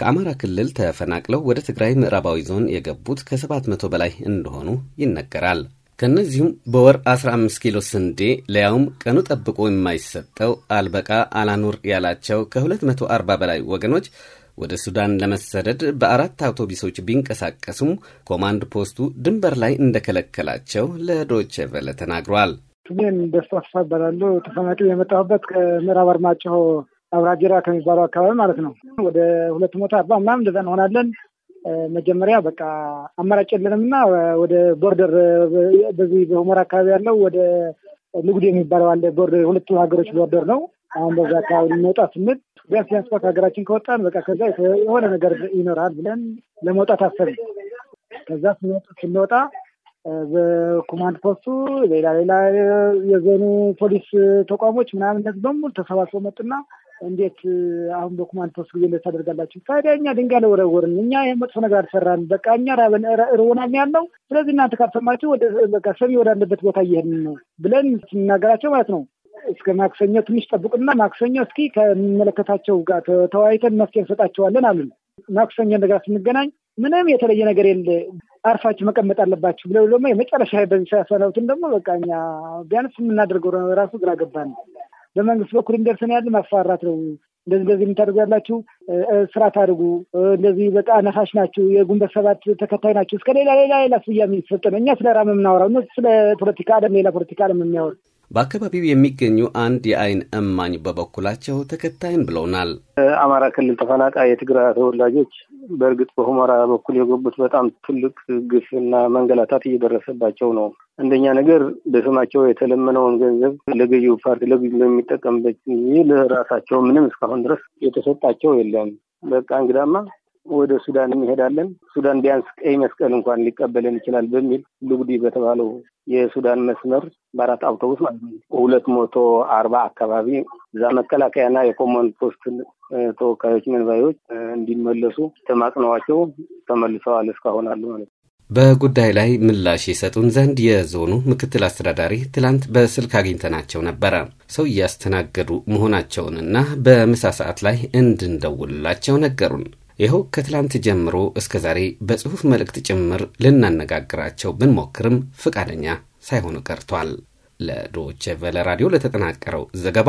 ከአማራ ክልል ተፈናቅለው ወደ ትግራይ ምዕራባዊ ዞን የገቡት ከ መቶ በላይ እንደሆኑ ይነገራል። ከእነዚሁም በወር 15 ኪሎ ስንዴ ለያውም ቀኑ ጠብቆ የማይሰጠው አልበቃ አላኑር ያላቸው ከ240 በላይ ወገኖች ወደ ሱዳን ለመሰደድ በአራት አውቶቡሶች ቢንቀሳቀሱም ኮማንድ ፖስቱ ድንበር ላይ እንደከለከላቸው ለዶች ቨለ ተናግሯል። ስሜን ደስታ ተሳበላለሁ ተፈናቅዬ የመጣሁበት ከምዕራብ አርማጭሆ አብራጀራ ከሚባለው አካባቢ ማለት ነው። ወደ ሁለት መቶ አርባ ምናምን እንደዛ እንሆናለን። መጀመሪያ በቃ አማራጭ የለንም እና ወደ ቦርደር በዚህ በሁመራ አካባቢ ያለው ወደ ንጉድ የሚባለው አለ። ቦርደር ሁለቱ ሀገሮች ቦርደር ነው። አሁን በዛ አካባቢ ልንወጣ ስንል ቢያንስ ቢያንስ ከሀገራችን ከወጣን በቃ ከዛ የሆነ ነገር ይኖራል ብለን ለመውጣት አሰብን። ከዛ ስንወጣ በኮማንድ ፖስቱ ሌላ ሌላ የዞኑ ፖሊስ ተቋሞች ምናምን እነዚህ በሙሉ ተሰባስበው መጡና እንዴት አሁን በኮማንድ ፖስት ጊዜ እንደት ታደርጋላችሁ? ታዲያ እኛ ድንጋይ ለወረወርን፣ እኛ መጥፎ ነገር አልሰራን። በቃ እኛ ርቦናል ያለው ስለዚህ እናንተ ካልሰማችሁ በቃ ሰሚ ወዳለበት ቦታ እየሄድን ነው ብለን ስንናገራቸው ማለት ነው እስከ ማክሰኞ ትንሽ ጠብቁና ማክሰኞ እስኪ ከሚመለከታቸው ጋር ተወያይተን መፍትሄ እንሰጣቸዋለን አሉን። ማክሰኞ ነገር ስንገናኝ ምንም የተለየ ነገር የለ አርፋችሁ መቀመጥ አለባችሁ ብለው ደግሞ የመጨረሻ በዚህ ሳያሰናውትን ደግሞ በቃ እኛ ቢያንስ የምናደርገው ራሱ ግራ ገባን። በመንግስት በኩል እንደርሰን ያለ ማስፈራራት ነው። እንደዚህ እንደዚህ የምታደርጉ ያላችሁ ስራ ታድርጉ፣ እንደዚህ በቃ ነፋሽ ናችሁ፣ የግንቦት ሰባት ተከታይ ናችሁ፣ እስከ ሌላ ሌላ ሌላ ስያሜ የሚሰጥ ነው። እኛ ስለ ራም የምናወራው እነሱ ስለ ፖለቲካ ዓለም ሌላ ፖለቲካ ዓለም የሚያወሩ በአካባቢው የሚገኙ አንድ የአይን እማኝ በበኩላቸው ተከታይን ብለውናል። አማራ ክልል ተፈናቃይ የትግራይ ተወላጆች በእርግጥ በሁመራ በኩል የገቡት በጣም ትልቅ ግፍ እና መንገላታት እየደረሰባቸው ነው። አንደኛ ነገር በስማቸው የተለመነውን ገንዘብ ለገዢው ፓርቲ ለግሉ የሚጠቀምበት ይህ ለራሳቸው ምንም እስካሁን ድረስ የተሰጣቸው የለም። በቃ እንግዳማ ወደ ሱዳን እንሄዳለን፣ ሱዳን ቢያንስ ቀይ መስቀል እንኳን ሊቀበለን ይችላል በሚል ልጉዲ በተባለው የሱዳን መስመር በአራት አውቶቡስ ማለት ነው ሁለት መቶ አርባ አካባቢ እዛ መከላከያና የኮማንድ ፖስት ተወካዮች መንባዮች እንዲመለሱ ተማጽነዋቸው ተመልሰዋል። እስካሁን አሉ ማለት ነው። በጉዳይ ላይ ምላሽ ይሰጡን ዘንድ የዞኑ ምክትል አስተዳዳሪ ትላንት በስልክ አግኝተናቸው ነበረ። ሰው እያስተናገዱ መሆናቸውንና በምሳ ሰዓት ላይ እንድንደውልላቸው ነገሩን። ይኸው ከትላንት ጀምሮ እስከ ዛሬ በጽሑፍ መልእክት ጭምር ልናነጋግራቸው ብንሞክርም ፈቃደኛ ሳይሆኑ ቀርቷል። ለዶቼ ቬለ ራዲዮ ለተጠናቀረው ዘገባ